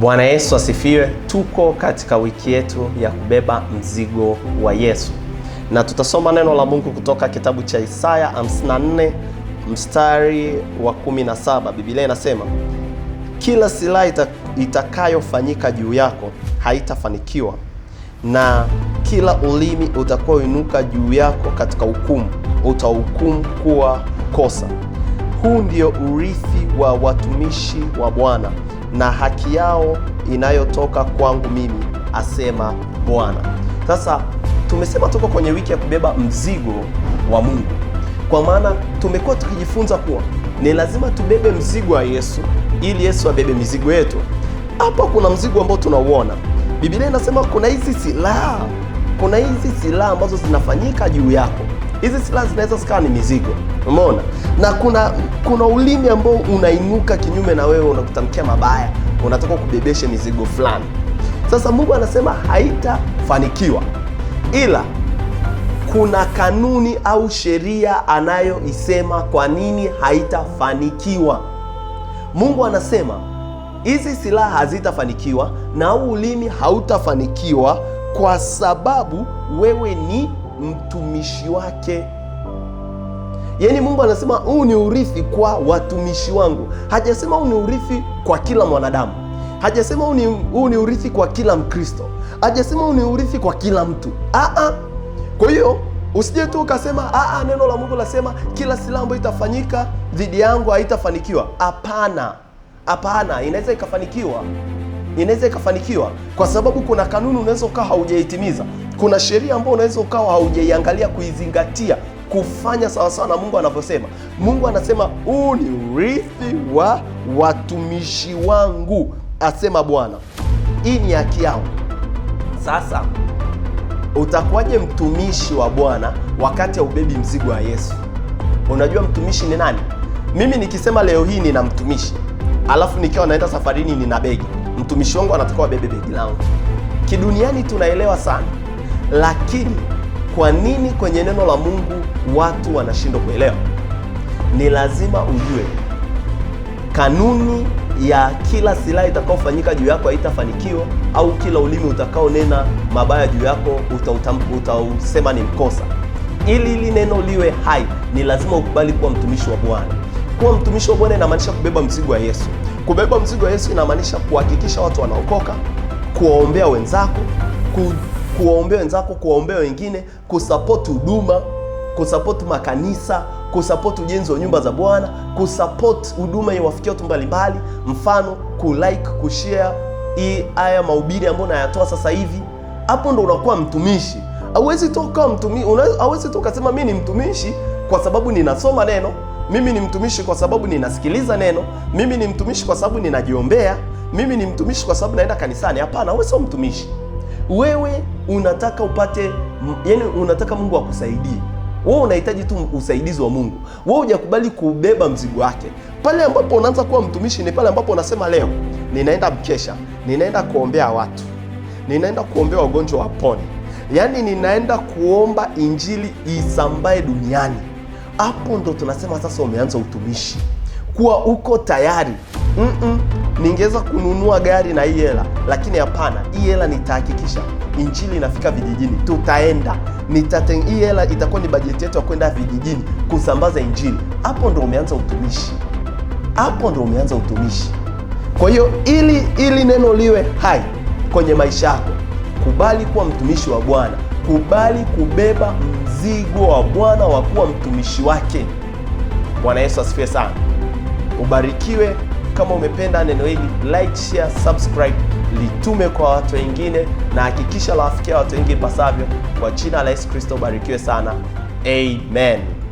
Bwana Yesu asifiwe. Tuko katika wiki yetu ya kubeba mzigo wa Yesu, na tutasoma neno la Mungu kutoka kitabu cha Isaya 54 mstari wa 17. Biblia inasema kila silaha itakayofanyika juu yako haitafanikiwa, na kila ulimi utakaoinuka juu yako katika hukumu utahukumu kuwa kosa. Huu ndio urithi wa watumishi wa Bwana na haki yao inayotoka kwangu mimi, asema Bwana. Sasa tumesema tuko kwenye wiki ya kubeba mzigo wa Mungu, kwa maana tumekuwa tukijifunza kuwa ni lazima tubebe mzigo wa Yesu ili Yesu abebe mizigo yetu. Hapa kuna mzigo ambao tunauona. Biblia inasema kuna hizi silaha, kuna hizi silaha ambazo zinafanyika juu yako Hizi silaha zinaweza zikawa ni mizigo, umeona, na kuna kuna ulimi ambao unainuka kinyume na wewe, unakutamkia mabaya, unataka kubebesha mizigo fulani. Sasa Mungu anasema haitafanikiwa, ila kuna kanuni au sheria anayoisema kwa nini haitafanikiwa. Mungu anasema hizi silaha hazitafanikiwa na huu ulimi hautafanikiwa kwa sababu wewe ni mtumishi wake. Yaani Mungu anasema huu ni urithi kwa watumishi wangu. Hajasema huu ni urithi kwa kila mwanadamu, hajasema huu ni urithi kwa kila Mkristo, hajasema huu ni urithi kwa kila mtu. Aa, kwa hiyo usije tu ukasema neno la Mungu lasema kila silaha ambayo itafanyika dhidi yangu haitafanikiwa. Hapana, hapana, inaweza ikafanikiwa inaweza ikafanikiwa, kwa sababu kuna kanuni unaweza ukawa haujaitimiza, kuna sheria ambayo unaweza ukawa haujaiangalia kuizingatia, kufanya sawasawa na Mungu anavyosema. Mungu anasema huu ni urithi wa watumishi wangu, asema Bwana, hii ni haki yao. Sasa utakuwaje mtumishi wa Bwana wakati haubebi mzigo wa Yesu? Unajua mtumishi ni nani? Mimi nikisema leo hii nina mtumishi alafu nikiwa naenda safarini nina begi mtumishi wangu anatakiwa bebe begi langu. Kiduniani tunaelewa sana, lakini kwa nini kwenye neno la Mungu watu wanashindwa kuelewa? Ni lazima ujue kanuni ya kila silaha itakaofanyika juu yako haitafanikiwa, au kila ulimi utakaonena mabaya juu yako utausema ni mkosa. Ili ili neno liwe hai, ni lazima ukubali kuwa mtumishi wa Bwana. Kuwa mtumishi wa Bwana inamaanisha kubeba mzigo wa Yesu. Kubeba mzigo wa Yesu inamaanisha kuhakikisha watu wanaokoka, kuwaombea wenzako, ku, kuwaombea wenzako, kuwaombea wengine, kusapoti huduma, kusapoti makanisa, kusapoti ujenzi wa nyumba za Bwana, kusapoti huduma iwafikia watu mbalimbali, mfano kulike, kushare hii haya mahubiri ambayo nayatoa sasa hivi. Hapo ndo unakuwa mtumishi. Hauwezi toka mtumishi, hauwezi toka sema mimi ni mtumishi kwa sababu ninasoma neno mimi ni mtumishi kwa sababu ninasikiliza neno, mimi ni mtumishi kwa sababu ninajiombea, mimi ni mtumishi kwa sababu naenda kanisani. Hapana, wewe sio mtumishi. Wewe unataka upate, yani unataka Mungu akusaidie wewe, unahitaji tu usaidizi wa Mungu. Wewe hujakubali kubeba mzigo wake. Pale ambapo unaanza kuwa mtumishi ni pale ambapo unasema leo ninaenda mkesha, ninaenda kuombea watu, ninaenda kuombea wagonjwa wapone, yaani ninaenda kuomba injili isambae duniani. Hapo ndo tunasema sasa umeanza utumishi, kuwa uko tayari mm -mm. Ningeweza kununua gari na hii hela, lakini hapana, hii hela nitahakikisha injili inafika vijijini, tutaenda hii hela itakuwa ni bajeti yetu ya kwenda vijijini kusambaza injili. Hapo ndo umeanza utumishi, hapo ndo umeanza utumishi. Kwa hiyo ili ili neno liwe hai kwenye maisha yako, kubali kuwa mtumishi wa Bwana kubali kubeba mzigo wa Bwana wa kuwa mtumishi wake. Bwana Yesu asifiwe sana. Ubarikiwe. Kama umependa neno hili, like, share, subscribe, litume kwa watu wengine, na hakikisha lawafikia watu wengine pasavyo. Kwa jina la Yesu Kristo, ubarikiwe sana. Amen.